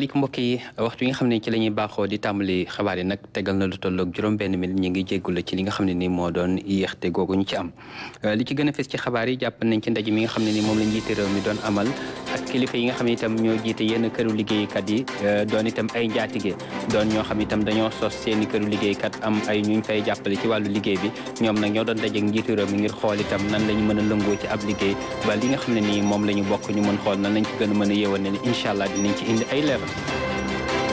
lik mbokk yi waxtu yi nga xam ne ci la ñuy baaxoo di tàmbali xabaar yi nag tegal na lu tolloog juróom-benn minute ñu ngi jéggula ci li nga xam ne ni moo doon yéexte googu ñu ci am li ci gën a fes ci xabaar yi jàpp nañ ci ndaj mi nga xam ne ni moom la njiité réew mi doon amal kilifa yi nga xam ne itam ñoo jiite yenn këru liggéeykat yi euh, doon itam ay njaatige doon ñoo xam itam dañoo sos seeni kër liggéey kat am ay ñu ñu jàppale ci wàllu liggéey bi ñoom nag ñoo doon dajeek njiitu réew ngir xool itam nan lañu ñu mën a lëngoo ci ab liggéey ba li nga xam ne nii moom la ñu bokk ñu mën xool nan lañ ci gën mën a yéwal ne incha allah indi ay leeral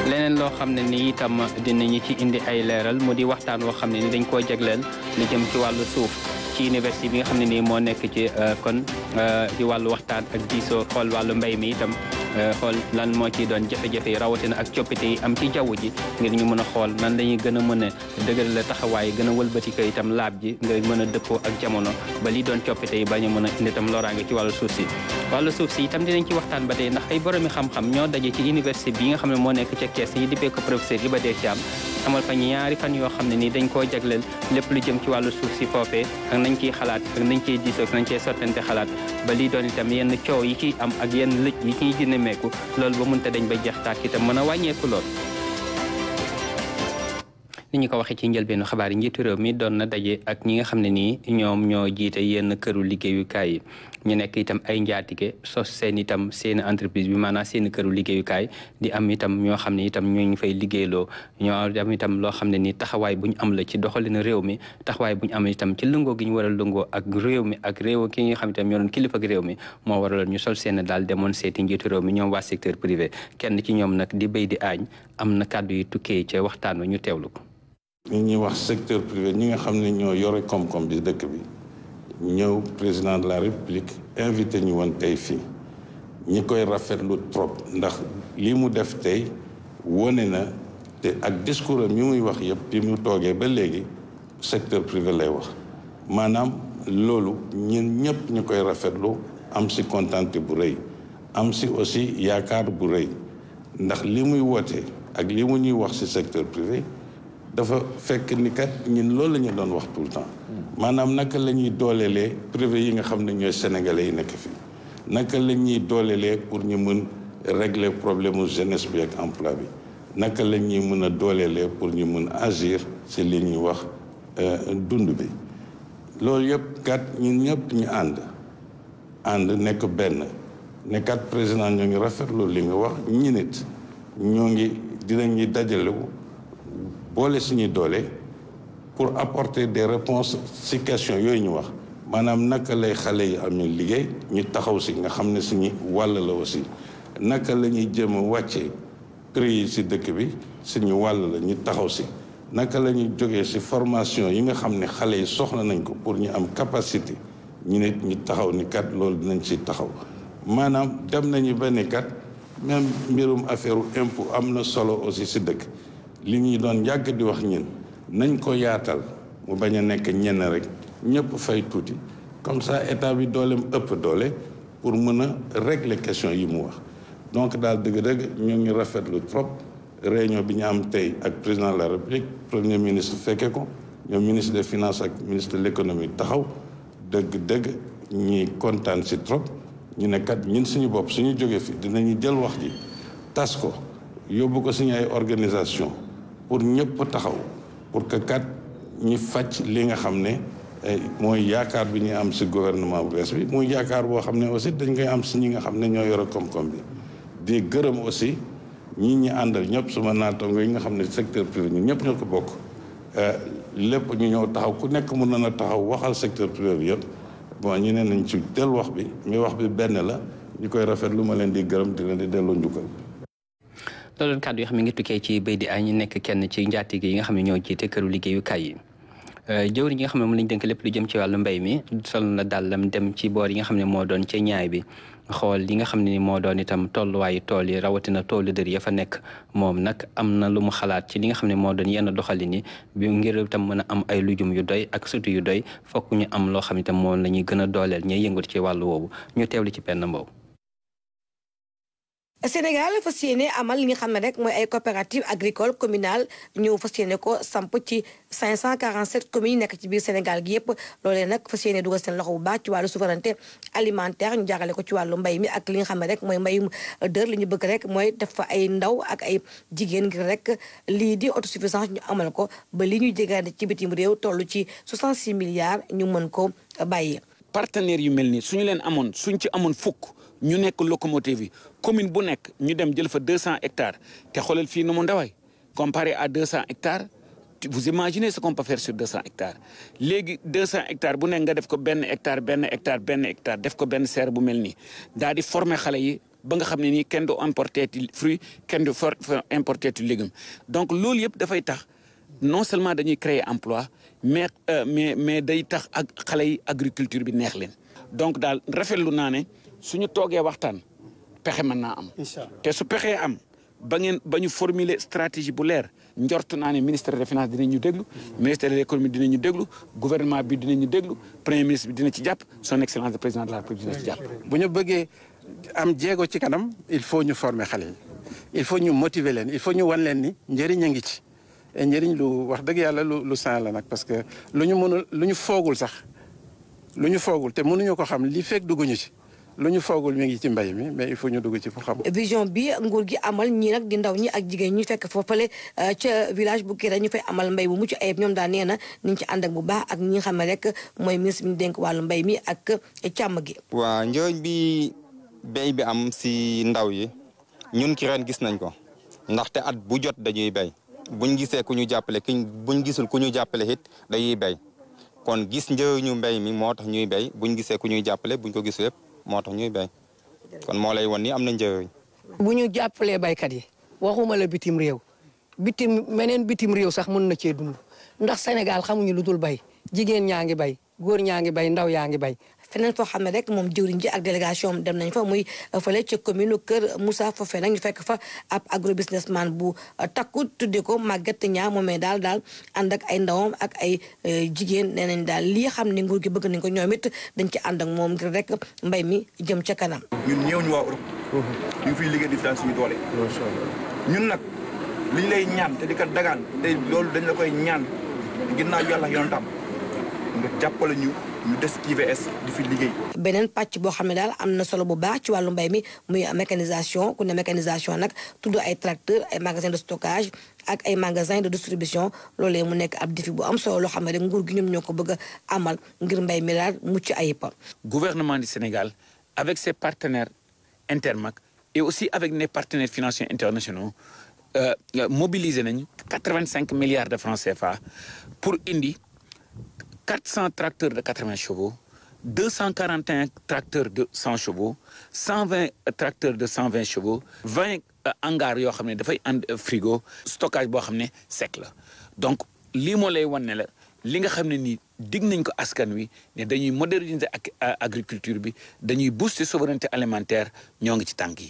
leneen loo xam ne ni itam dinañu ci indi ay leeral mu di waxtaan woo xam ne ni dañ koo jagleel li jëm ci wàllu suuf ci université bi nga xam ne nii moo ci euh, kon euh, ci wàllu waxtaan ak diisoo xool wàllu mbay mi itam euh, xool lan moo ci doon jafe-jafe yi rawatina ak coppite yi am ci jaww ji ngir ñu mën a xool nan la ñuy gën a mën a dëgëral la taxawaay gën a wëlbati ko itam laab ji nga mën a ak jamono ba li doon coppite yi bañ a mën ci wàllu suuf wàllu suuf si itam dinañ ci waxtaan ba tey ndax ay boroomi xam-xam ñoo daje ci université bi nga xam ne moo nekk ca kees yi dippee ko professeur yi ba dee ci am amal fa ñaari fan yoo xam ne nii dañ koo jagleel lépp lu jëm ci wàllu suuf si foofee ak nañ ciy xalaat ak nañ ciy diisoo ak nañ ciy sottante xalaat ba lii doon itam yenn coow yi ciy am ak yenn lëj yi ciy jinne meeku loolu ba munte dañ ba jeex tàkk itam mën a wàññeeku lool ni ko waxee ci njëlbeenu xabaar yi njiitu réew mi doon na daje ak ñi nga xam ne nii ñoom ñoo jiite yenn këru liggéeyukaay yi ñu nekk itam ay njaatige sos seen itam seen entreprise bi maanaam seeni këru liggéeyukaay di am itam ñoo xam ne itam ñooñu fay liggéeyloo ñoo am itam loo xam ne ni taxawaay bu ñu am la ci doxalin réew mi taxawaay bu ñu am itam ci lëngoo gi ñu war a ak réew mi ak réew ki nga xam ne itam kilifa ak réew mi moo waraloon ñu sol seen daal demoon seeti njiitu mi ñoom waa secteur privé kenn ci ñoom nag di béy di aañ am na kàddu yu tukkee ca waxtaan wa ñu teewlu ko ñuy wax secteur privé nga xam ne ñoo yore koom-koom bi dëkk bi ñew président de la république invité ñu woon tay fi ñi koy rafetlu trop ndax li mu def tay wone na te ak discours am muy wax yépp bi mu togué ba légui secteur privé lay wax manam lolu ñun ñep ñukoy rafetlu am ci kontante bu reuy am ci aussi yaakaar bu reuy ndax li muy woote ak li mu ñuy wax ci secteur privé dafa fekk ni kat ñun loolu la ñu doon wax tout le temps maanaam naka la ñuy yi nga xam ne ñooy sénégalais yi nekk fii naka la ñuy doolelee pour ñu mën régler problème mu jeunesse bi ak bi naka la ñuy mën a doolelee pour ñu mën agir si li ñuy wax euh, dund bi loolu yëpp kat ñun ñëpp ñu ànd ànd nekk benn ne kat président ñoo ngi rafetlu li nga wax ñi nit ñoo ngi dinañuy dajalewu boole suñu d'olé pour apporter des réponses ci question yooyu ñu wax maanaam naka lay xale yi amee liggéey ñu taxaw ci nga xam ne suñu wàll la aussi naka la ñuy jëm a wàccee prix yi ci dëkk bi suñu wàll la ñu taxaw ci naka la ñuy ci formation yi nga xam ne xale nañ ko pour ñu am capacité ñu ne ñu taxaw ni kat loolu dinañ ci taxaw maanaam dem nañu benn kat même mbirum affaire impôt am na solo aussi ci dëkk li ñuy doon yàgg di wax ñun nañ ko yaatal mu bañ a nekk ñenn rek ñëpp fay tuuti comme ça état bi dooleem ëpp doole pour mën a régler question yi mu wax donc daal dëgg-dëgg ñoo ngi rafetlu trop réunion bi ñu am tey ak président de la république premier ministre fekke ko ñoom ministre des finances ak ministre de l'économie taxaw dëgg-dëgg ñi kontaan si trop ñu ne kat ñun suñu bopp suñu jógee fi dinañu jël wax ji tas ko yóbbu ko suñu ay organisation pour ñëpp taxaw pour que ñi ñu fàcc li nga xam ne eh, mooy yaakaar bi ñuy am si gouvernement bu bi muy yaakaar boo xam ne aussi dañ koy am si ñi nga xam ne ñoo yore koom-koom bi di gërëm aussi ñi ñi àndal ñëpp suma naataango yi nga xam ne secteur privé ñu ñëpp ñoo ko bokk eh, lépp ñu ñëw taxaw ku nekk mën na na taxaw waxal secteur privé bi yëpp bon ñu ne nañ ci del wax bi mi wax bi benn la ñu koy rafet lu ma leen di gërëm di leen di dellu njukkal loolu doon kàddu yoo xam ne ngi tukkee ci béy di ay ñu nekk kenn ci njaatige yi nga xam ne ñoo jiite këru liggéeyukaay yi euh, jëwriñ yi nga xam ne moom lañ dënk lépp lu jëm ci wàllu mbéy mi sol na dàllam dem ci boor yi nga xam ne moo doon ci ñaay bi xool li nga xam ne ni moo doon itam tolluwaayu tool yi rawatina toolu dër ya fa nekk moom nag am na lu mu xalaat ci li nga xam ne moo doon yenn doxalin yi bi ngir itam mën a am ay lujum yu doy ak sutu yu doy fokk ñu am loo xam itam moo la ñuy gën a dooleel ñuy yëngut ci wàllu woowu ñu teewlu ci benn mbow Sénégal fas yéene amal li nga xam ne rek mooy ay coopérative agricole communale ñu fa yéene ko samp ci 547 communes yi nekk ci biir Sénégal gi yëpp loolee nag fas yéene dugal seen loxo bu baax ci wàllu souveraineté alimentaire ñu jaxale ko ci wàllu mbay mi ak li nga xam ne rek mooy mbayum dër li ñu bëgg rek mooy def fa ay ndaw ak ay jigéen ngir rek lii di autosuffisance ñu amal ko ba li ñuy jégaane ci bitim réew toll ci 66 milliards ñu mën ko bàyyi. partenaires yu mel nii suñu leen amoon suñ ci amoon fukk ñu nekk locomotive yi commune bu nek ñu dem jël fa 200 hectares té xolal fi nu mu comparé à 200 hectares vous imaginez ce qu'on peut faire sur 200 hectares Les 200 hectares bu nek nga def ko ben hectare ben hectare ben hectare def ko ben serre bu melni nii former xalé yi ba nga xam ni kenn importer des fruit kenn do importer des légume donc loolu da fay tax non seulement dañuy créer emploi mais euh, mais mais day tax ak xalé yi agriculture bi neex leen donc dal rafetlu naa ne suñu togué waxtan pexe mën naa am. te su pexee am ba ngeen stratégie bu leer njort naa ne ministère des finances dinañ ñu déglu. ministère de l'économie dinañ ñu déglu gouvernement bi dinañ ñu déglu premier ministre bi dina ci jàpp son excellence le président de la république dina ci jàpp. bu ñu am jéego ci kanam il faut ñu former xale il faut ñu motiver leen il faut ñu wan leen ni njëriñ a ngi ci. njëriñ lu wax dëgg yalla lu lu la nak parce que luñu mënu luñu fogul sax luñu fogul té mënu ñu ko xam li fekk dugguñu ci. lu ñu foogul mi ngi ci mbay mi mais il faut ñu dugg ci pour xam. vision bi nguur gi amal ñii rek di ndaw ñi ak jigéen ñi fekk foofale euh, ca village bu Kira ñu fay amal mbay bu mucc ayib ñoom daal nee na ñu ngi ci ànd bu baax ak ñi xam ne rek mooy ministre dénk wàllu mbay mi ak euh, càmm gi. waa njëriñ bi béy bi am si ndaw yi ñun ki ren gis nañ ko ndaxte at bu jot dañuy béy buñ gisee ku ñu jàppale ki buñ gisul ku ñu jàppale it dañuy béy kon gis njëriñu mbey mi moo tax ñuy béy buñ gisee ku ñuy jàppale buñ ko gis yëpp moo tax ñuy bay kon moo lay won ni am na njëriñ. bu ñu jàppalee baykat yi waxuma la bitim réew bitim meneen bitim réew sax mën na cee dund ndax Sénégal xamuñu lu dul bay jigéen ñaa ngi bay góor ñaa ngi bay ndaw yaa ngi bay feneen foo xam ne rek moom jëwriñ ji ak délégation dem nañ fa muy euh, fële ci commune Kër Moussa foofee nag ñu fekk fa ab agro businessman bu euh, takku tuddee ko Maguette Niang moomee daal daal ànd ak ay ndawam ak ay euh, jigéen nee nañ daal lii xam ne nguur gi bëgg nañ ko ñoom it dañ ci ànd ak moom ngir rek mbay mi jëm ca kanam. ñun ñëw ñu waa Europe. Mhm. ñu fiy liggéey di daan suñu doole. ñun nag li lay ñaan te di ko dagaan te loolu dañ la koy ñaan ginnaaw yàlla nga jàppale ñu. ñu des ci di fi liggéey. beneen pàcc boo xam ne daal am na solo bu baax ci wàllu mbay mi muy mécanisation ku ne mécanisation nag tudd ay tracteur ay magasin de stockage ak ay magasin de distribution loolee mu nekk ab défi bu am solo loo xam ne rek nguur gi ñoom ñoo ko bëgg amal ngir mbay mi daal mucc ayipa gouvernement du Sénégal avec ses partenaires Intermac et aussi avec les partenaires financiers internationaux. euh, euh mobilisé nañu 85 milliards de francs CFA pour indi 400 tracteurs de 80 chevaux, 241 tracteurs de 100 chevaux, 120 tracteurs de 120 chevaux, 20 euh, hangars yo frigo stockage donc ce qui est li nga xam ne nii digg nañ ko askan wi ne dañuy moderniser ak agriculture bi dañuy booster souveraineté alimentaire ñoo ngi ci tànk yi.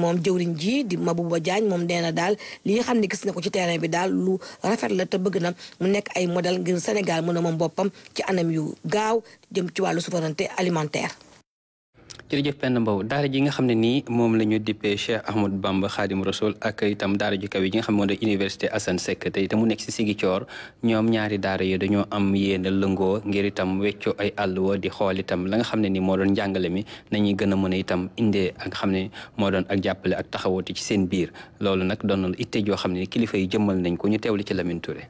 moom jëwriñ ji di ba Diagne moom nee na daal li nga xam ne gis na ko ci terrain bi daal lu rafet la te bëgg na mu nekk ay modèle ngir Sénégal mën a moom boppam ci anam yu gaaw jëm ci wàllu souveraineté alimentaire. jërëjëf Penda Mbow daara ji nga xam ne nii moom la ñu dippee Cheikh Ahmadou Bamba Khadim Rasoul ak itam daara ju kaw yi nga xam ne moo doon université Assane Seck te itam mu nekk si Ziguinchor ñoom ñaari daara yi dañoo am yéene lëngoo ngir itam wecco ay àlluwa di xool itam la nga xam ne nii moo doon njàngale mi nañuy gën a mën a itam indee ak xam ne moo doon ak jàppale ak taxawooti ci seen biir loolu nag doon na itte joo xam ne kilifa yi jëmmal nañ ko ñu teewli ci Lamine Touré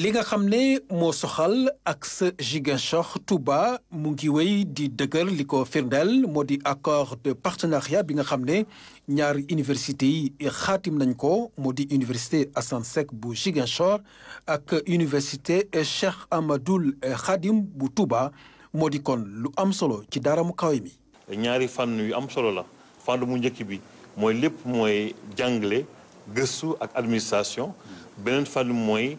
li nga xam ne moo soxal ak sa Ziguinchor Touba mu ngi wéy di dëgër li ko firndeel moo di accord de partenariat bi nga xam ne ñaari université yi xaatim nañ ko moo di université Assane bu Ziguinchor ak université Cheikh Amadoul Khadim bu Touba moo di kon lu am solo ci dara mu mi. ñaari fànn yu am solo la fànn mu njëkk bi mooy lépp mooy jàngale gëstu ak administration beneen fànn mooy.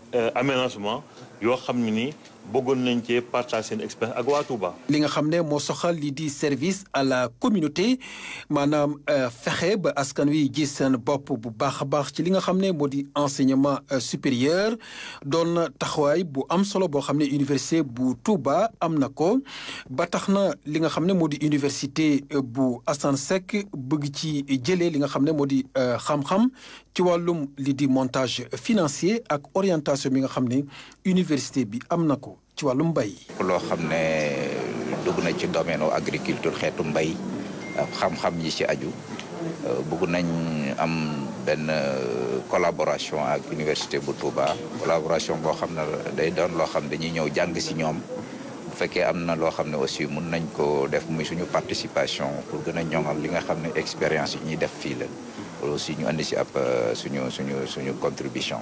Euh, aménagement yo xamni ni bëggon nañ ci partager seen expérience ak waa Touba. li nga xam ne moo soxal li di service à la communauté maanaam euh, fexe ba askan wi gis seen bopp bu baax a baax ci li nga xam ne moo di enseignement euh, supérieur doon na taxawaay bu am solo boo xam ne université bu Touba am na ko ba tax na li nga xam ne moo di université bu Assane Seck bëgg ci jëlee li nga xam ne moo di xam-xam ci wàllum li di montage financier ak orientation. formation bi nga xam ne université bi am ko ci wàllu mbay. loo xam ne dugg na ci domaine agriculture xeetu mbay xam-xam yi ci aju euh, bëgg nañ am benn euh, collaboration ak université bu Touba collaboration boo xam day doon loo xam dañuy ñëw jàng si ñoom bu fekkee am na loo xam ne aussi mun nañ ko def muy suñu participation pour gën a ñoŋal li nga xam ne expérience yi ñuy def fii la aussi ñu andi si ab euh, suñu suñu suñu contribution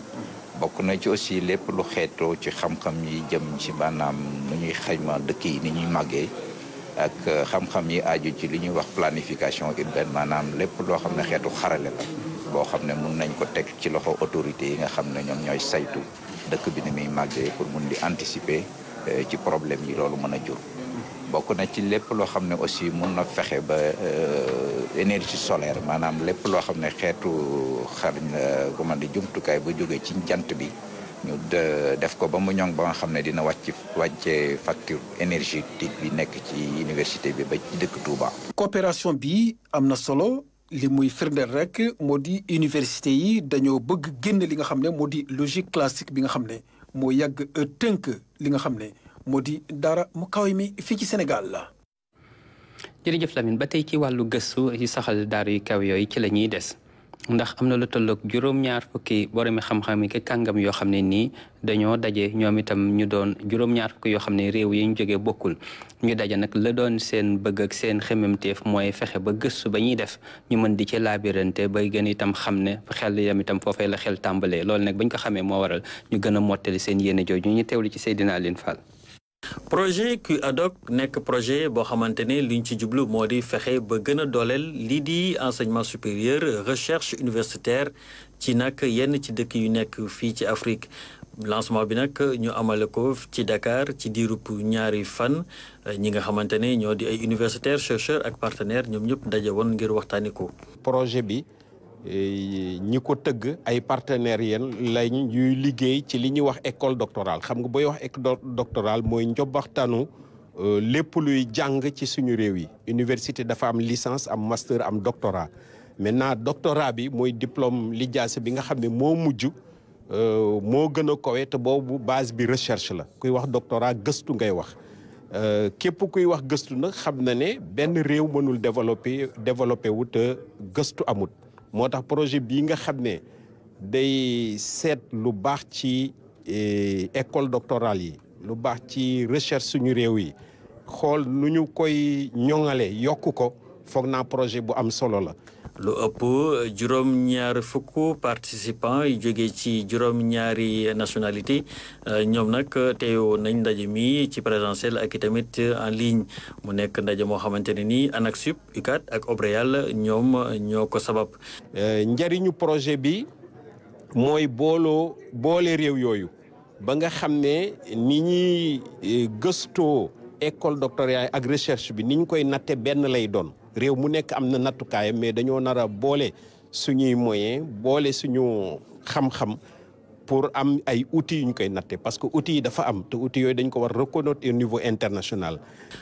bokk na ci aussi lépp lu xeetoo ci xam-xam yi jëm ci banaam nu ñuy xayma dëkk yi ni ñuy màggee ak euh, xam-xam yi aju ci li ñuy wax planification urbaine maanaam lépp loo xam ne xeetu xarale la boo xam ne mun nañ ko teg ci loxo autorité yi nga xam ne ñoom ñooy saytu dëkk bi na muy màggee pour mun di anticiper euh, ci problème yi loolu mën a jur bokk na ci lépp loo xam ne aussi mun na fexe ba euh, énergie solaire maanaam lépp loo xam ne xeetu xarañ la euh, comment di jumtukaay bu jógee ci jant bi ñu def ko ba mu ñoŋ ba nga xam ne dina wàcc wàcce facture énergétique bi nekk ci université bi ba ci dëkk Touba. coopération bi am na solo. li muy firndeel rek moo di université yi dañoo bëgg génn li nga xam ne moo di logique classique bi nga xam ne moo yàgg euh, tënk li nga xam ne moo di mu kawe mi fii ci Sénégal la. jërëjëf Lamine ba tey ci wàllu gëstu yi saxal daara yu kaw yooyu ci la ñuy des ndax am na lu tolloog juróom-ñaar fukki boromi xam-xam yi ki kàngam yoo xam ne nii dañoo daje ñoom itam ñu doon juróom-ñaar fukki yoo xam ne réew yi ñu jógee bokkul ñu daje nag la doon seen bëgg ak seen xememteef mooy fexe ba gëstu ba ñuy def ñu mën di ci laabirante ba gën itam xam ne xel yam itam foofee la xel tàmbalee loolu nag bañ ko xamee moo waral ñu gën a mottali seen yéene jooju ñu teewlu ci Seydina Aline Fall projet QADOC nekk projet boo xamante ne li ci jublu moo di fexe ba gën a dooleel lii di enseignement supérieur recherche universitaire ci nag yenn ci dëkk yu nekk fii ci Afrique lancement bi nag ñu amale ko ci Dakar ci diirub ñaari fan ñi nga xamante ne ñoo di ay universitaires chercheurs ak partenaires ñoom ñëpp daje woon ngir waxtaani ko projet bi. Eh, ñi ko tëgg ay partenaires yeen lañ liggéey ci li ñuy wax école doctorale xam nga booy wax école doctorale mooy njobbaxtanu euh, lépp luy jàng ci suñu réew yi université dafa am licence am master am doctorat maintenant doctorat bi mooy diplôme lijaase bi nga xam ne moo mujj euh, moo gën a kawe te boobu base bi recherche la kuy wax doctorat gëstu ngay wax euh, képp kuy wax gëstu nag xam na ne benn réew mënul développer développer wu te gëstu amut moo tax projet bii nga xam ne day seet lu baax ci eh, école doctorale yi lu baax ci recherche suñu réew yi xool nu ñu koy ñoŋale yokk ko foog naa projet bu am solo la lu ëpp juróom-ñaari fukk participants yu jóge ci juróom-ñaari nationalité euh, ñoom nag teewoon nañ ndaje mi ci présentiel ak i tamit en ligne mu nekk ndaje moo xamante ne nii ANAQ-Sup ak ak OBREAL ñoom ñoo ko sabab. Euh, njariñu projet bi mooy booloo boole réew yooyu ba nga xam ne ni ñuy euh, gëstoo école doctorale ak recherche bi ni ñu koy natte benn lay doon. réew mu nekk am na nattukaayam mais dañoo nar a boole suñuy moyen boole suñu xam-xam pour am ay outils yu ñu koy natte parce que outils yi dafa am te uti yooyu dañ ko war reconnaître au niveau international.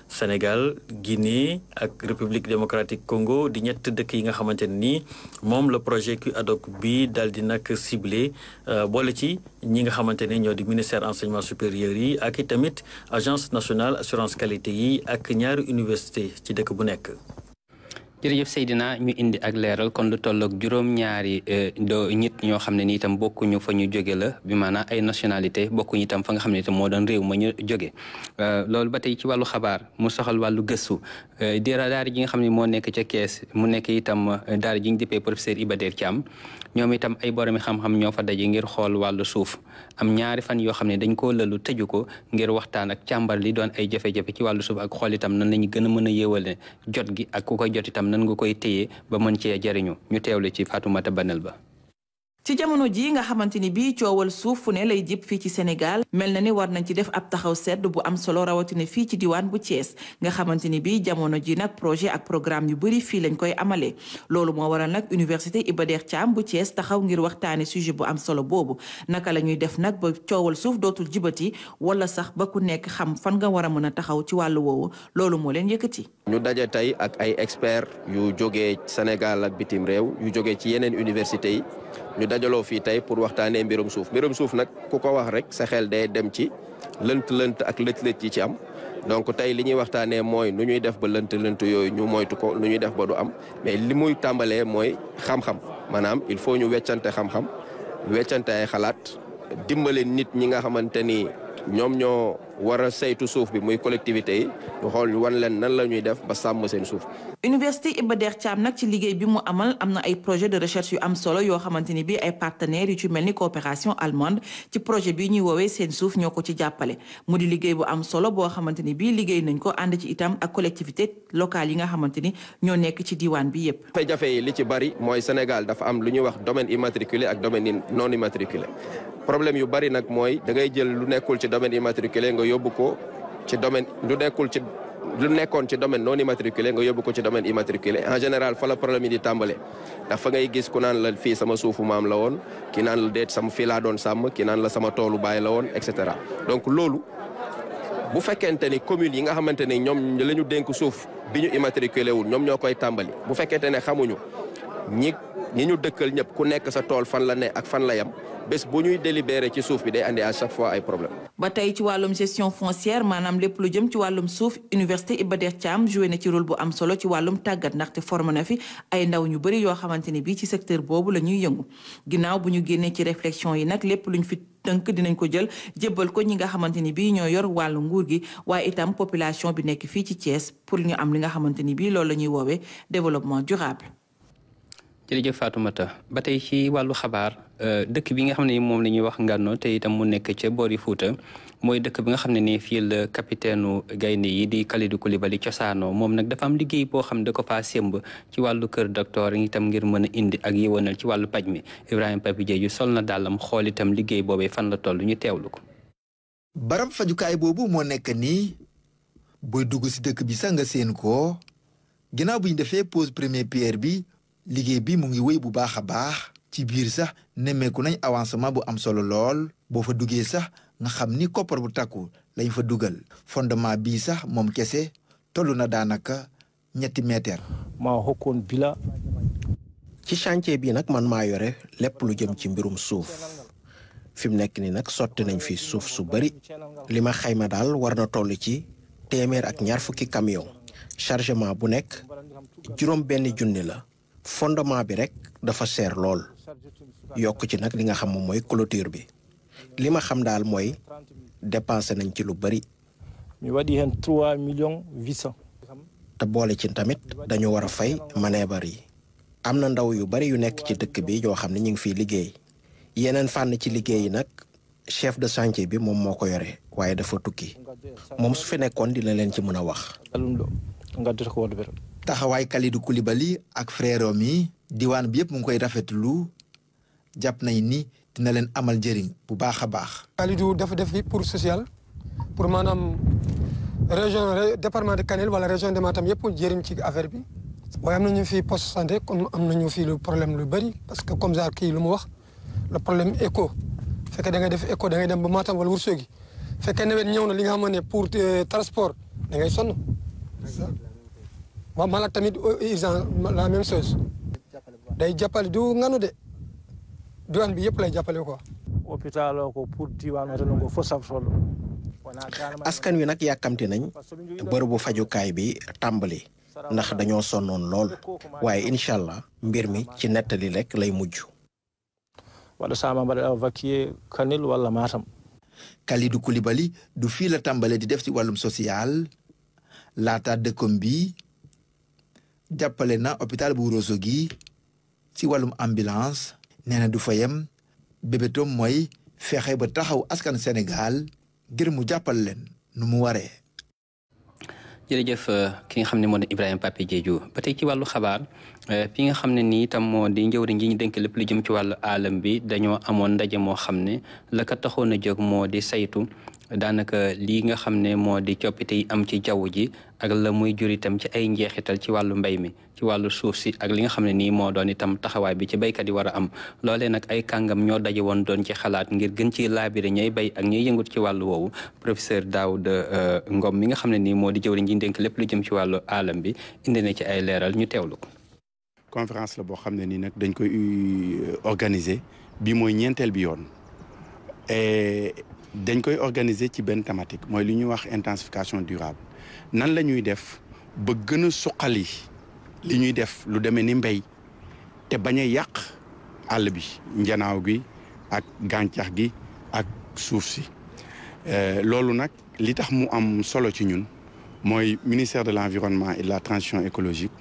Sénégal Guinée ak République démocratique Congo di ñett dëkk yi nga xamante ne nii moom la projet QADOC bi dal di nag ciblé euh, boole ci ñi nga xamante ne ñoo di ministère enseignement supérieur yi ak i tamit agence nationale assurance qualité yi ak ñaari université ci dëkk bu nekk. jërëjëf Seydina ñu indi ak leeral kon lu tollook juróom-ñaari euh, do nit ñoo xam ne ni itam bokkuñu fa ñu jóge la bi maanaam ay nationalité bokkuñu itam fa nga xam ne itam moo doon réew ma ñu jóge euh, loolu ba tey ci wàllu xabaar mu soxal wàllu gëstu euh, dira daara ji nga xam ne moo nekk ca kees mu nekk itam daara ji ñu dippee professeur Iba Der Thiam ñoom itam ay boromi xam-xam ñoo fa daje ngir xool wàllu suuf am ñaari fan yoo xam ne dañ koo lëlu tëju ko ngir waxtaan ak càmbar li doon ay jafe ci wàllu suuf ak xool itam nan la ñu gën a mën a yéewale nan nga koy téye ba mën cee jariñu ñu teewle ci fatumata Banel Ba ci jamono ji nga xamante ni bii coowal suuf fu ne lay jib fii ci Sénégal mel na ni war nañ ci def ab taxaw sedd bu am solo rawatina fii ci diwaan bu Thiès nga xamante ni bii jamono ji nag projet ak programme yu bëri fii lañ koy amalee loolu moo waral nag université Iba Der Thiam bu Thiès taxaw ngir waxtaane sujet bu am solo boobu naka la ñuy def nag ba coowal suuf dootul jibati wala sax ba ku nekk xam fan nga war a mën a taxaw ci wàllu woowu loolu moo leen yëkkati. ñu daje tey ak ay experts yu jógee Sénégal ak bitim réew yu jógee ci yeneen université yi ñu dajaloo fii tey pour waxtaanee mbirum suuf mbirum suuf nag ku ko wax rek sa xel day dem ci lënt-lënt ak lëcc-lëcc ci am donc tey li ñuy waxtaanee mooy nu ñuy def ba lënt-lënt yooyu ñu moytu ko nu ñuy def ba du am mais li muy tàmbalee mooy xam-xam maanaam il faut ñu weccante xam-xam weccante ay xalaat dimbale nit ñi nga xamante ni ñoom ñoo war saytu suuf bi muy collectivité yi ñu xool ñu wan leen nan la ñuy def ba sàmm seen suuf. Université Iba caam Thiam nag ci liggéey bi mu amal am na ay projet de recherche yu am solo yoo xamante ni bii ay partenaires yu ci mel ni coopération allemande ci projet bi ñuy woowee seen suuf ñoo ko ci jàppale mu di liggéey bu am solo boo xamante ni bii liggéey nañ ko ànd ci itam ak collectivité locale yi nga xamante ni ñoo nekk ci diwaan bi yépp jafe-jafe yi li ci bari mooy Sénégal dafa am lu ñuy wax domaine immatriculé ak domaine non immatriculé problème yu bari nag mooy da ngay jël lu nekkul ci domaine immatriculé yóbbu ko ci domaine lu ci lu nekkoon ci domaine non immatriculé nga yóbbu ko ci domaine immatriculé en général fa la problème yi di tàmbale ndax fa ngay gis ku naan la fii sama suufu maam la woon ki naan la déet sama fii laa doon sàmm ki naan la sama toolu baay la woon et cetera donc loolu bu fekkente ni communes yi nga xamante ne ñoom la ñu dénk suuf bi ñu immatriculé wul ñoom ñoo koy tàmbali bu fekkente ne xamuñu ñi ñu dëkkal ñëpp ku nekk sa tool fan la ne ak fan la yem bés bu ñuy délibéré ci suuf bi day andi à chaque fois ay ba tey ci wàllum foncière maanaam lépp lu jëm ci wàllum suuf université Iba Der Thiam joué na ci bu am solo ci wàllum tàggat ndaxte formé na fi ay ndaw ñu bëri yoo xamante ne bii ci secteur boobu la ñuy yëngu ginnaaw bu ñu génnee ci réflexion yi nag lépp luñ fi tënk dinañ ko jël jëbal ko ñi nga xamante ni bii ñoo yor wàllu nguur gi waaye itam population bi nekk fii ci cees pour ñu am li nga xamante ni bii loolu la ñuy woowee développement durable jërëjëf Fatoumata ba tey ci wàllu xabaar euh, dëkk bi nga xam ne moom la ñuy wax Ngànno tey itam mu nekk ca boori Fuuta mooy dëkk bi nga xam ne nii fii la capitaine gaynde yi di Kalidou Koulibaly cosaanoo moom nag dafa am liggéey boo xam ne da ko faa sémb ci wàllu kër docteur itam ngir mën a indi ak yëwanal ci wàllu paj mi Ibrahima Papi Diédhiou sol na dàllam xool itam liggéey boobee fan la toll ñu teewlu ko. barab fajukaay boobu moo nekk nii booy dugg si dëkk bi sax nga seen ko ginnaaw bi ñu defee pose première pierre bi. liggéey bi mu ngi wéy bu baax a baax ci biir sax nemmeeku nañ avancement bu am solo lool boo fa duggee sax nga xam ni koppar bu takku lañ fa dugal fondement bii sax moom kese toll na daanaka ñetti meetar. maa hokkoon bila. ci chantier bi nag man maa yore lépp lu jëm ci mbirum suuf fim mu nekk ni nag sotti nañ fi suuf su bari li ma xayma daal war na toll ci téeméer ak ñaar fukki camion chargement bu nekk juróom benn junni la fondement bi rek dafa seer lol yokk ci nag li nga xam moom mooy clôture bi li ma xam daal mooy dépensé nañ ci lu bari. ñu waɗi hen trois millions huit cent. te ci tamit dañu war fay yi. ndaw yu bari yu ci dëkk bi liggéey ci liggéey chef de chantier bi moom moo ko yore waaye dafa tukki moom su fi nekkoon dina ci taxawaay Kalidou Koulibaly ak frère mi diwan bi yëpp mu ngi koy rafetlu jàpp ni dina amal jering bu kabah a baax. Kalidou dafa def li pour social pour région département de Kanel wala région de Matam yëpp jëriñ ci affaire bi. waaye am nañu fi poste santé comme am nañu fi lu problème lu bëri parce que comme ça kii lu mu wax le problème écho fekkee da ngay def écho da ngay dem ba Matam wala nawet na li nga pour euh, transport da ngay sonn. waaw Malag tamit urgence euh, euh, la même chose. du nganu de diwaan bi yëpp lay jàppale quoi. pour diwaan wata askan wi nag yàkkamti nañ bërëbu fajukaay bi tàmbali ndax dañoo sonoon lool waaye incha allah mbir mi ci nettali lekk lay mujj. wala sama mbaɗa vacuer kanil walla matam Kalidou Koulibaly du fii la tàmbale di def ci wàllum social laata dëkkam bi jàppale na hôpital bu Rosso gi ci wàllum ambulance nee na du fa yem bébétoom mooy fexe ba taxaw askan Sénégal ngir mu jàppal leen nu mu waree. jërëjëf euh, ki nga xam ne moo di Ibrahima Pape Diédhiou ba tey ci wàllu xabaar euh, fi nga xam ne nii itam moo di njëwriñ ji ñu lépp lu jëm ci wàllu alam bi dañoo amoon ndaje moo xam ne la ko taxoon a jóg moo di saytu. daanaka lii nga xam ne moo di coppite yi am ci jaww ji ak la muy jur itam ci ay njeexital ci wàllu mbay mi ci wàllu suuf si ak li nga xam ne nii moo doon itam taxawaay bi ci béykat yi war a am loolee nag ay kàngam ñoo daje woon doon ci xalaat ngir gën ci laabire ñay bay ak ñay yëngut ci wàllu woowu professeur Daouda euh, Ngom mi nga xam ne nii moo di jëw jëwriñ ji dénk lépp lu jëm ci wàllu alam bi indi na ci ay leeral ñu teewlu ko. conférence la boo xam ne nii nag dañ koy euh, bi mooy ñeenteel bi yoon dañ koy organiser ci benn thématique mooy li ñuy wax intensification durable nan la ñuy def ba gën a suqali li ñuy def lu demee ni mbéy te bañ a yàq àll bi njanaaw gi ak gàncax gi ak suuf si euh, loolu nag li tax mu am solo ci ñun mooy ministère de l'environnement et de la transition écologique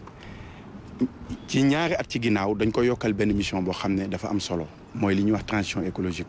ci ñaari at ci ginnaaw dañ ko yokkal benn mission boo xam ne dafa am solo mooy li ñuy wax transition écologique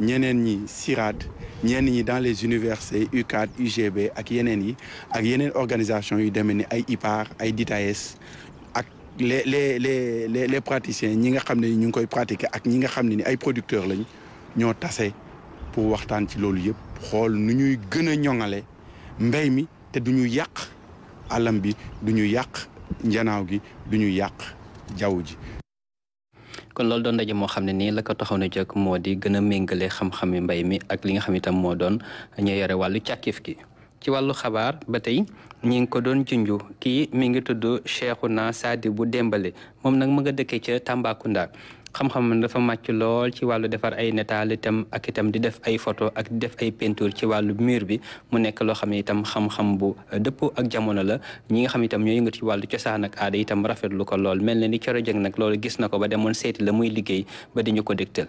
ñeneen ñi SIRAD ñenn ñi dans les universités UCAD UGB ak yeneen yi ak yeneen organisation yu demee ni ay IPAR ay DITAES ak les les les les praticiens ñi nga xam ne ñu ngi koy pratiquer ak ñi nga xam ne ni ay producteurs lañ ñoo tase pour waxtaan ci loolu yëpp xool nu ñuy gën a ñoŋale mi te du ñu yàq alam bi du ñu yàq njanaaw gi du ñu yàq jaww ji. kon loolu doon ndaje moo xam ne nii la ko taxaw na jëkk moo di gën a méngale xam-xami mbay mi ak li nga xam itam moo doon ñu yore wàllu càkkif ki ci wàllu xabaar ba tey ñi ngi ko doon junju kii mi ngi tudd Cheikhouna bu dembale moom nag mu nga dëkkee ca Tambacounda xam mu dafa màcc lool ci wàllu defar ay netaal itam ak itam di def ay photo ak di def ay peinture ci wàllu mur bi mu nekk loo xam ne itam xam-xam bu euh, dëppoo ak jamono la ñi nga xam itam ñoo yëngat ci wàllu cosaan ak aada itam rafetlu ko lool mel na ni Thioro Dieng nag loolu gis na ko ba demoon seeti la muy liggéey ba di ñu ko dégtal.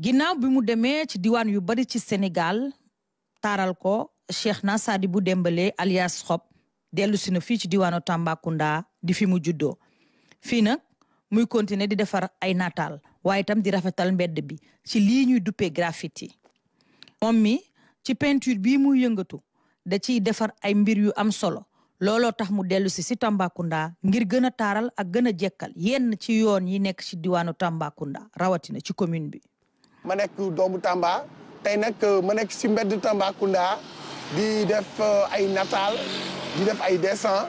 ginnaaw bi mu demee ci diwaan yu bari ci Sénégal taaral ko Cheikhna Sadibou Dembélé alias Xob dellu si na fii ci diwaanu Tambacounda di fi mu juddoo fii muy continuer di defar ay nataal waaye itam di rafetal mbedd bi ci lii ñuy duppee graffiti moom mi ci peinture bi muy yëngatu da ciy defar ay mbir yu am solo looloo tax mu dellu si si Tambacounda ngir gën a taaral ak gën a jekkal yenn ci yoon yi nekk ci diwaanu Tambacounda rawatina ci commune bi. ma nekk doomu Tamba tey nag euh, ma nekk si mbedd Tambacounda di def euh, ay nataal di def ay dessin.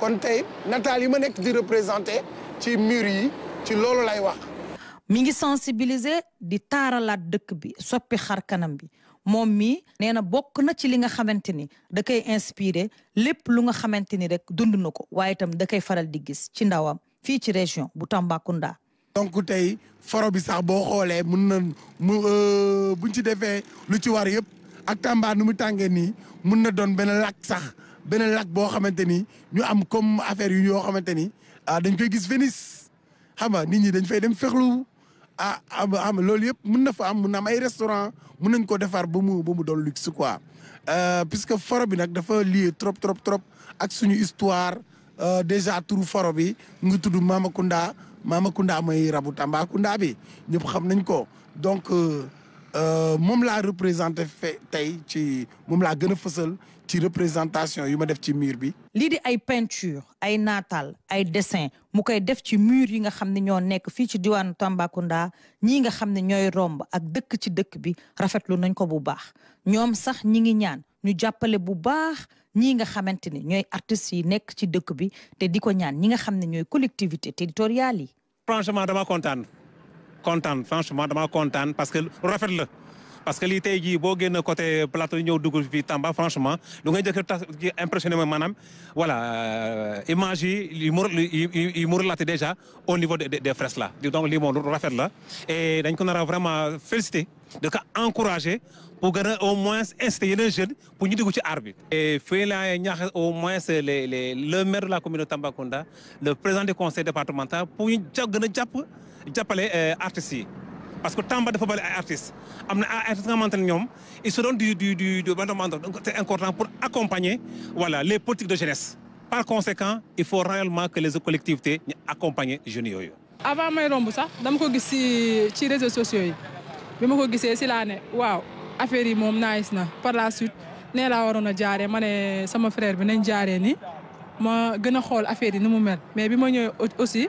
kon tey nataal ma nekk di représenté ci mur yi ci loolu lay wax. mi ngi sensibiliser di taaralaat dëkk bi soppi xar kanam bi moom mii nee na bokk na ci li nga xamante ni da koy inspiré lépp lu nga xamante ni rek dund na ko waaye itam da koy faral di gis ci ndawam fii ci région bu Tambacounda. donc tey foro bi sax boo xoolee mun na mu euh, buñ ci defee lu ci war yëpp ak Tamba nu mu tàngee nii mun na doon benn làkk sax. Nous lac bo xamanteni ñu am comme affaire yu ñu xamanteni ah, dañ koy Venise xam nit ñi dañ fay dem fexlu ah am na fa am restaurant nañ ko mu mu luxe quoi euh, puisque foro bi dafa lié trop trop trop ak suñu histoire euh, déjà turu foro bi ngi tudd mama rabu bi xam nañ ko donc euh, moom laa la fe tey ci moom laa gën a ci représentation yuma def ci mur bi. li di ay peinture ay natal ay dessin mu koy def ci mur yi nga xamni ño nek fi ci diwaanu tambakunda ñi nga xamni ne romb ak dekk ci dekk bi rafetlu nañ ko bu baax ñom sax ñi ngi ñaan ñu jàppale bu baax ñi nga xamanteni ñoy ñooy artistes yi nek ci dekk bi te diko ñaan ñi nga xamni ñoy collectivité territoriale yi. franchement dama kontaan kontaan franchement dama kontaan parce que rafet la parce que li tay jii bo génn côté plateau ñëw dugg fi Tamba franchement lu ngay njëkk impressionné ma voilà euh, image yi relaté déjà au niveau des fresques là donc li moom refait rafet et dañ ko vraiment félicité de encouragé pour au moins inciter un jeune pour ñu dugg ci arbitre. et il au moins les le maire de la commune de Tambacounda le président du conseil départemental pour ñu gën a jàpp euh, artistes parce que Tamba dafa bëri ay artistes amna ay artistes nga xamante ñom ils seront du du du du c'est important pour accompagner voilà les politiques de jeunesse par conséquent il faut réellement que les collectivités ñu accompagner jeunes yooyu. avant may rombu sax dama ko gis ci ci réseaux sociaux yi bima ko gisee ci la né waaw affaire yi mom nice na par la suite né la warona a mané sama frère bi nañ jaaree ni ma gëna xol affaire yi ni mu mel mais bima ñëw aussi.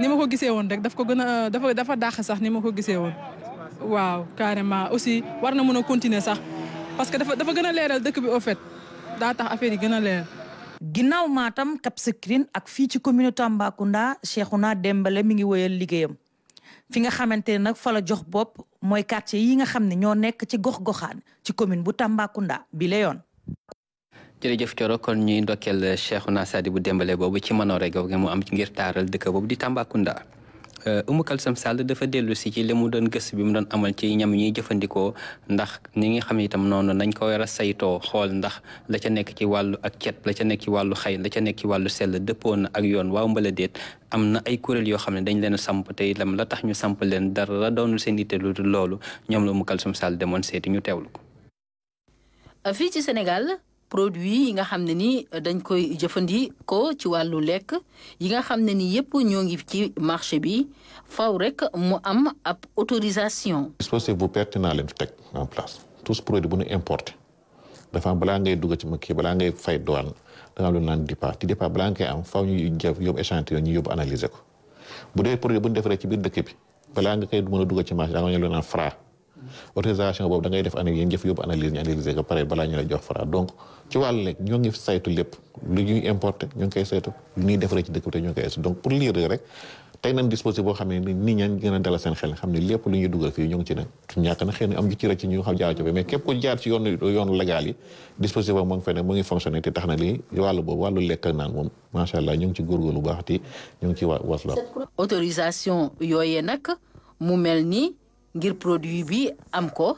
ni ma ko gisee woon rek daf ko gën a dafa dafa dàq sax ni ma ko gisee woon waaw carrément aussi war na mën a continuer sax parce que dafa dafa gën a leeral dëkk bi au fait daa tax affaire yi gën a leeral. ginnaaw Matam Cap Skirring ak fii ci commune Tambacounda Cheikhouna Dembélé mi ngi wéyal liggéeyam fi nga xamante ne nag fa la jox bopp mooy quartier yi nga xam ne ñoo nekk ci gox-goxaan ci commune bu Tambacounda bi la yoon. jërëjëf Thioro kon ñuy ndokkeel Cheikhouna Sadibou Dembélé boobu ci manoore googu mu am ngir taaral dëkk boobu di Tambacounda. Euh, Oumou Kalsoum Sall dafa dellu si ci li mu doon gëstu bi mu doon amal ci ñam ñuy jëfandikoo ndax ñi nga xam ne itam noonu nañ ko war a saytoo xool ndax la ca nekk ci wàllu ak cet la ca nekk ci wàllu xay la ca nekk ci wàllu sell dëppoo na ak yoon waaw mbala déet am na ay kuréel yoo xam ne dañ leen samp te lam la tax ñu samp leen dara la doonul seen yitte lu loolu ñoom la Oumou Sall demoon seeti ñu teewlu ko. produits yi nga xamné ni euh, dañ koy jëfëndi ko ci walu lek yi nga xamné ni yépp ñoo ngi ci marché bi faaw rek mu am ab autorisation. dispositif bu pertinent leen fi teg en place tous produits bu ñu importé dafa am balaa ngay dugg ci ma kii balaa ngay fay douane da nga am lu naan départ ti départ balaa ngay am faaw ñu jëf yóbbu échantillon ñu yob analyser ko bu dee produit bu ñu defaree ci biir dëkk bi balaa nga kay mën a dugg ci marché da nga ñu lu naan fra autorisation boobu da def analyse yéen analyse ñu pare balaa ñu jox fara donc ci wàll lekk ñoo saytu lépp lu ñuy importer ñu ngi saytu lu ñuy ci dëkk bi te ñu rek tey nañ dispositif xam ne ni ñaan gën a dalal seen xam ne lépp lu ñuy dugal fii ñu ci na xëy na am mais képp ku jaar ci yoon yoon yi dispositif boobu mu ngi fay ne mu tax na lii wàllu boobu wàllu lekk naan moom macha allah ñu ci góorgóorlu ngir produit bi am ko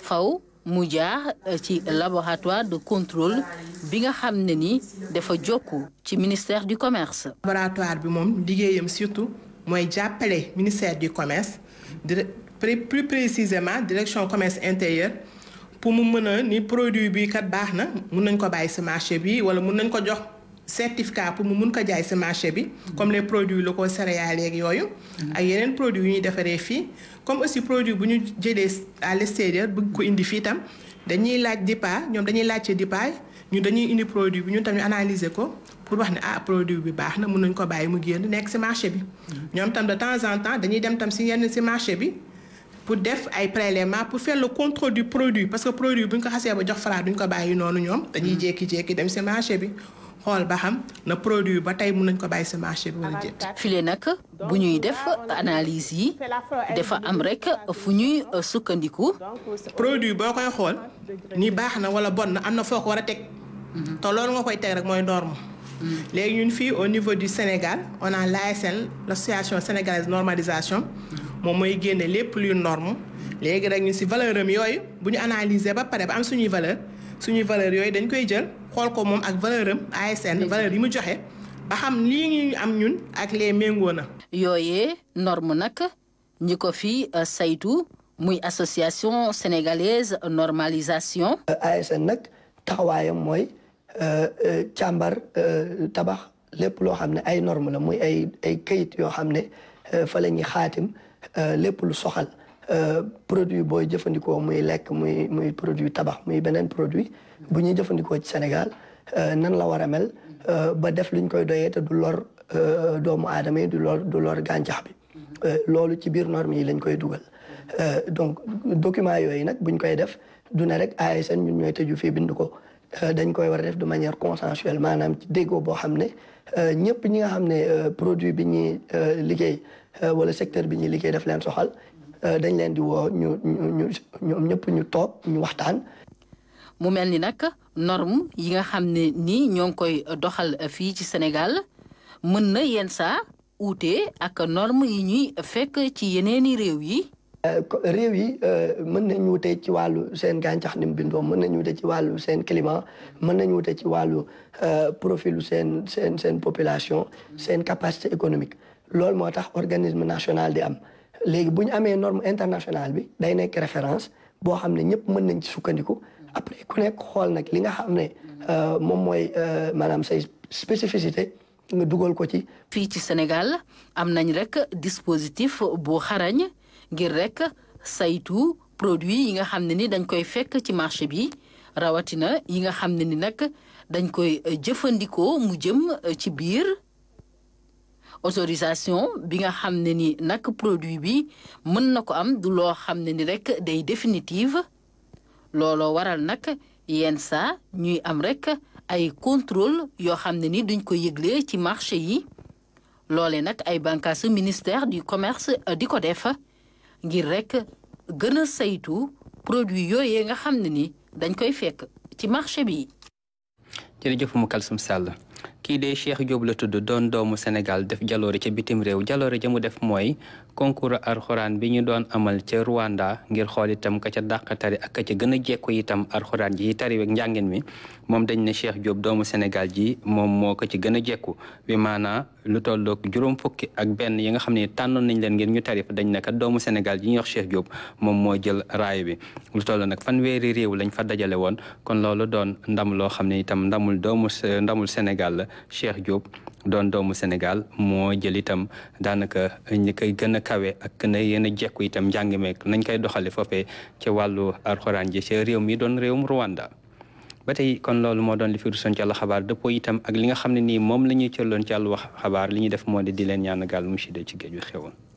faw mu jaar euh, ci laboratoire de contrôle bi nga xam ne ni dafa jokku ci ministère du commerce. laboratoire bi moom liggéeyam surtout mooy jàppale ministère du commerce plus précisément direction commerce intérieur pour mu mën a ni produit bi kat baax na mun nañ ko bàyyi ci marché bi wala mun nañ ko jox. certificat pour mu mun ko jaay si marché bi comme les produits ko céréales yeeg yooyu ak yeneen produit yu ñuy defaree fii comme aussi produit bu ñu jëlee à l'extérieur bëgg ko indi fii tam dañuy laaj DIPA ñoom dañuy laajte DIPA ñu dañuy indi produit bi ñu tam ñu analyser ko pour wax ne ah produit bi baax na mun nañ ko bàyyi mu génn nekk si marché bi ñoom tam de temps en temps dañuy dem tam si yenn si marché bi pour def ay prélèvement pour faire le contrôle du que produit bu ñu ko xasee ba jox Fra duñ ko bàyyi noonu ñoom dañuy mm. jékki-jékki dem si bi xool ba xam na produit ba tey mën nañ ko bàyyi si marché bi wala jët file nag bu ñuy def analyse yi dafa am rek fu ñuy euh, sukkandiku. produit boo koy xool ni baax na wala bon na am na foo ko war a teg. Mhm. te loolu nga koy teg rek mooy norme. Mhm. léegi ñun fii au niveau du Sénégal on a l'ASN l'association sénégalaise normalisation. Mhm. moom mooy génne lépp luy norme. léegi rek ñu si valeur am yooyu bu ñu analyser ba pare ba am suñuy valeur suñuy valeur yooyu dañ koy jël. xool ko moom ak valeur am ASN valeur yi mu joxe ba xam lii am ñun ak les méngoo na. yooyee norme nag ñi ko fi euh, saytu muy association sénégalaise normalisation. ASN nag taxawaayam mooy euh, euh, càmbar tabax lépp loo xam ne ay norme la muy ay ay kayit yoo xam ne fala la ñuy xaatim lépp lu soxal. Euh, produit booy jëfandikoo muy lekk muy muy produit tabax muy beneen produit bu ñuy jëfandikoo ci Sénégal euh, nan la war a mel euh, ba def luñ koy doyee du lor doomu aadama yi du lor du lor gàncax bi loolu ci biir normi yi lañ koy dugal donc document yooyu nag buñ koy def du ne rek ASN ñun ñooy ju fii bind ko dañ koy war a def de manière consensuelle maanaam ci déggoo boo xam ne ñëpp ñi nga xam ne produit bi ñuy liggéey wala secteur bi ñuy liggéey def leen soxal Euh, dañ leen di woo ñu ñu ñoom ñëpp ñu toog ñu waxtaan. mu mel ni nag norme yi nga xam ne nii ñoo ngi koy doxal fii ci Sénégal mën na yenn saa uute ak norme yi ñuy fekk ci yeneeni réew yi. Euh, réew yi euh, mën nañu wute ci wàllu seen gàncax ni mu bindoo mën nañu wute ci wàllu seen climat mën nañu wute ci wàllu profilu seen seen seen population seen capacité économique loolu moo tax organisme nationale di am. léegi bu ñu amee norme internationale bi day nekk référence boo xam ne ñëpp mën nañ ci sukkandiku après ku nekk xool nag li nga xam ne euh, moom mooy euh, maanaam say spécificité nga dugal ko ci. fii ci Sénégal am nañ rek dispositif bu xarañ ngir rek saytu produit yi nga xam ne ni dañ koy fekk ci marché bi rawatina yi nga xam ne ni nag dañ koy jëfandikoo mu jëm ci biir. autorisation bi nga xamné ni nak produit bi mën nako am du lo xamné ni rek day définitive lolo waral nak yensa nu ñuy am rek ay contrôle yo xamné ni duñ ko yeglé ci marché yi loole nak ay bànqaasu ministère du commerce euh, di ko def ngir rek gëna saytu produit yooyee nga xamné ni dañ koy fekk ci marché bi. jërëjëf mu Kalsum Sall. kii de Cheikh jóob la tudd doon doomu Sénégal def jaloore ca bitim réew jaloore ja mu def mooy concours arxuraan bi ñu doon amal ca Rwanda ngir xool itam ka ca dàq tari ak ka gën a jekku itam arxuraan ji tari wek mi moom dañ ne Cheikh jóob doomu Sénégal ji moom moo ko ci gën a jekku bi lu tolloog juróom fukki ak benn yi nga xam ne tànnoon nañ leen ngir ñu tarif dañ ne kat doomu Sénégal ji ñuy wax Cheikh Diop moom moo jël raay bi lu toll nag fan weeri réew lañ fa dajale woon kon loolu doon ndam loo xam ne itam ndamul doomu ndamul Sénégal Cheikh Diop doon doomu Sénégal moo jël itam daanaka ñi koy gën a kawe ak na yéen a jekku itam njàng meek nañ koy doxale foofee ca wàllu alxuraan ji ca réew mi doon réewum Rwanda ba tey kon loolu moo doon li fi rusoon ci àll xabaar dëppoo itam ak li nga xam ne nii moom la ñuy cërloon ci àll wax xabaar li ñuy def moo di di leen ñaan gaal mu ci géej gi xewoon